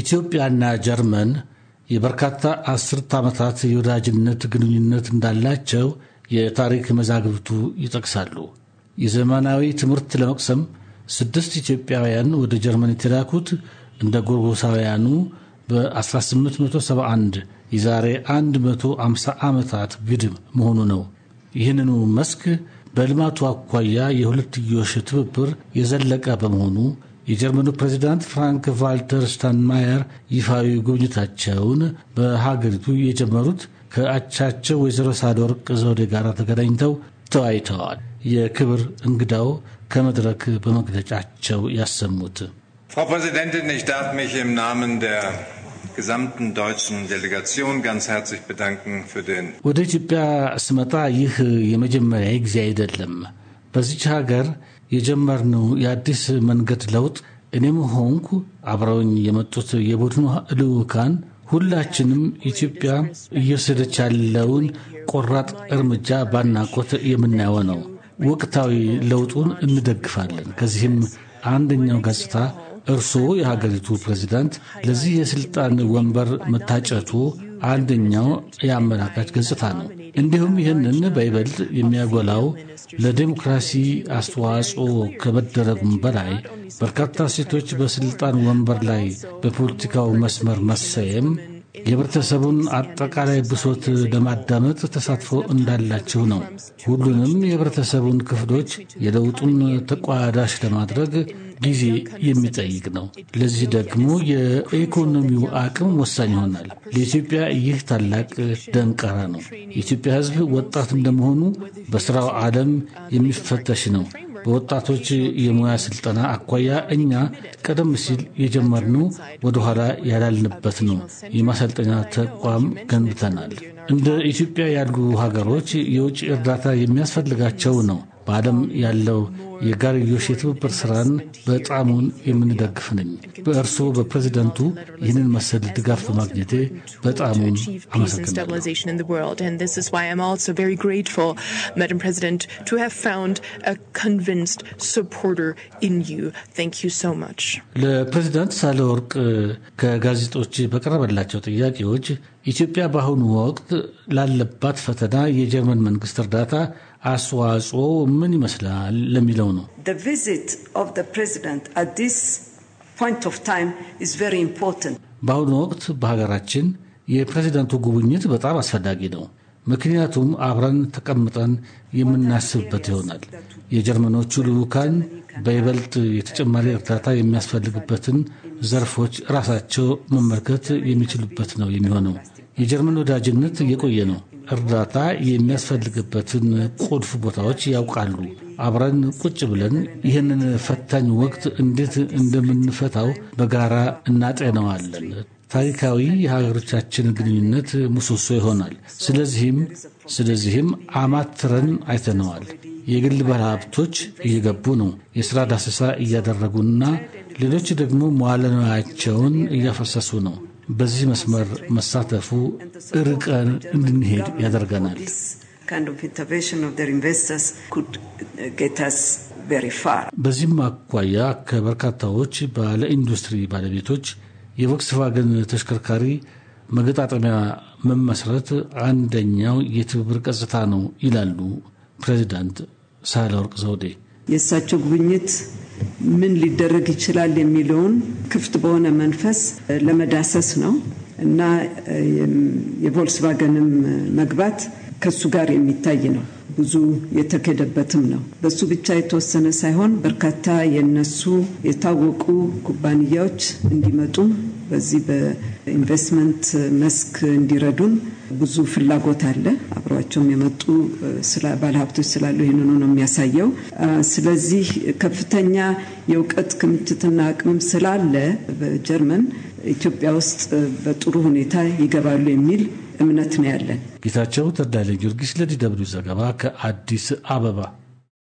ኢትዮጵያና ጀርመን የበርካታ አስርት ዓመታት የወዳጅነት ግንኙነት እንዳላቸው የታሪክ መዛግብቱ ይጠቅሳሉ። የዘመናዊ ትምህርት ለመቅሰም ስድስት ኢትዮጵያውያን ወደ ጀርመን የተላኩት እንደ ጎርጎሳውያኑ በ1871 የዛሬ 150 ዓመታት ግድም መሆኑ ነው። ይህንኑ መስክ በልማቱ አኳያ የሁለትዮሽ ትብብር የዘለቀ በመሆኑ የጀርመኑ ፕሬዚዳንት ፍራንክ ቫልተር ሽታንማየር ይፋዊ ጉብኝታቸውን በሀገሪቱ የጀመሩት ከአቻቸው ወይዘሮ ሳህለወርቅ ዘውዴ ጋር ተገናኝተው ተወያይተዋል። የክብር እንግዳው ከመድረክ በመግለጫቸው ያሰሙት Frau Präsidentin, ich darf mich im Namen der gesamten deutschen Delegation ganz herzlich bedanken für den ወደ ኢትዮጵያ ስመጣ ይህ የመጀመሪያ ጊዜ አይደለም። በዚች ሀገር የጀመርነው የአዲስ መንገድ ለውጥ እኔም ሆንኩ አብረውኝ የመጡት የቡድኑ ልዑካን ሁላችንም ኢትዮጵያ እየወሰደች ያለውን ቆራጥ እርምጃ ባድናቆት የምናየው ነው። ወቅታዊ ለውጡን እንደግፋለን። ከዚህም አንደኛው ገጽታ እርስዎ የሀገሪቱ ፕሬዚዳንት ለዚህ የስልጣን ወንበር መታጨቱ አንደኛው የአመላካች ገጽታ ነው። እንዲሁም ይህንን በይበልጥ የሚያጎላው ለዴሞክራሲ አስተዋጽኦ ከመደረጉም በላይ በርካታ ሴቶች በስልጣን ወንበር ላይ በፖለቲካው መስመር መሰየም የህብረተሰቡን አጠቃላይ ብሶት ለማዳመጥ ተሳትፎ እንዳላቸው ነው። ሁሉንም የህብረተሰቡን ክፍሎች የለውጡን ተቋዳሽ ለማድረግ ጊዜ የሚጠይቅ ነው። ለዚህ ደግሞ የኢኮኖሚው አቅም ወሳኝ ይሆናል። ለኢትዮጵያ ይህ ታላቅ ደንቃራ ነው። የኢትዮጵያ ህዝብ ወጣት እንደመሆኑ በስራው ዓለም የሚፈተሽ ነው። በወጣቶች የሙያ ስልጠና አኳያ እኛ ቀደም ሲል የጀመርነው ወደኋላ ያላልንበት ነው። የማሰልጠኛ ተቋም ገንብተናል። እንደ ኢትዮጵያ ያሉ ሀገሮች የውጭ እርዳታ የሚያስፈልጋቸው ነው። በዓለም ያለው የጋርዮሽ የትብብር ስራን በጣሙን የምንደግፍ ነኝ። በእርስዎ በፕሬዚደንቱ ይህንን መሰል ድጋፍ በማግኘቴ በጣሙን አመሰግናለሁ። ለፕሬዚዳንት ሳህለወርቅ ከጋዜጦች በቀረበላቸው ጥያቄዎች ኢትዮጵያ በአሁኑ ወቅት ላለባት ፈተና የጀርመን መንግስት እርዳታ አስተዋጽኦ ምን ይመስላል ለሚለው ነው። በአሁኑ ወቅት በሀገራችን የፕሬዚዳንቱ ጉብኝት በጣም አስፈላጊ ነው። ምክንያቱም አብረን ተቀምጠን የምናስብበት ይሆናል። የጀርመኖቹ ልዑካን በይበልጥ የተጨማሪ እርዳታ የሚያስፈልግበትን ዘርፎች ራሳቸው መመልከት የሚችሉበት ነው የሚሆነው። የጀርመን ወዳጅነት እየቆየ ነው። እርዳታ የሚያስፈልግበትን ቁልፍ ቦታዎች ያውቃሉ። አብረን ቁጭ ብለን ይህንን ፈታኝ ወቅት እንዴት እንደምንፈታው በጋራ እናጤነዋለን። ታሪካዊ የሀገሮቻችን ግንኙነት ምሰሶ ይሆናል። ስለዚህም ስለዚህም አማትረን አይተነዋል። የግል ባለሀብቶች እየገቡ ነው፣ የሥራ ዳሰሳ እያደረጉና ሌሎች ደግሞ መዋለ ንዋያቸውን እያፈሰሱ ነው። በዚህ መስመር መሳተፉ እርቀን እንድንሄድ ያደርገናል። kind of intervention of their investors could uh, get us very far። በዚህም አኳያ ከበርካታዎች ባለ ኢንዱስትሪ ባለቤቶች የቮክስቫገን ተሽከርካሪ መገጣጠሚያ መመስረት አንደኛው የትብብር ገጽታ ነው ይላሉ ፕሬዚዳንት ሳህለወርቅ ዘውዴ። የእሳቸው ጉብኝት ምን ሊደረግ ይችላል የሚለውን ክፍት በሆነ መንፈስ ለመዳሰስ ነው እና የቮልስቫገንም መግባት ከሱ ጋር የሚታይ ነው። ብዙ የተከደበትም ነው። በሱ ብቻ የተወሰነ ሳይሆን በርካታ የነሱ የታወቁ ኩባንያዎች እንዲመጡ በዚህ በኢንቨስትመንት መስክ እንዲረዱን ብዙ ፍላጎት አለ። አብሯቸውም የመጡ ባለሀብቶች ስላሉ ይህንኑ ነው የሚያሳየው። ስለዚህ ከፍተኛ የእውቀት ክምችትና አቅምም ስላለ በጀርመን ኢትዮጵያ ውስጥ በጥሩ ሁኔታ ይገባሉ የሚል እምነት ነው ያለን። ጌታቸው ተዳለ ጊዮርጊስ ለዲ ደብልዩ ዘገባ ከአዲስ አበባ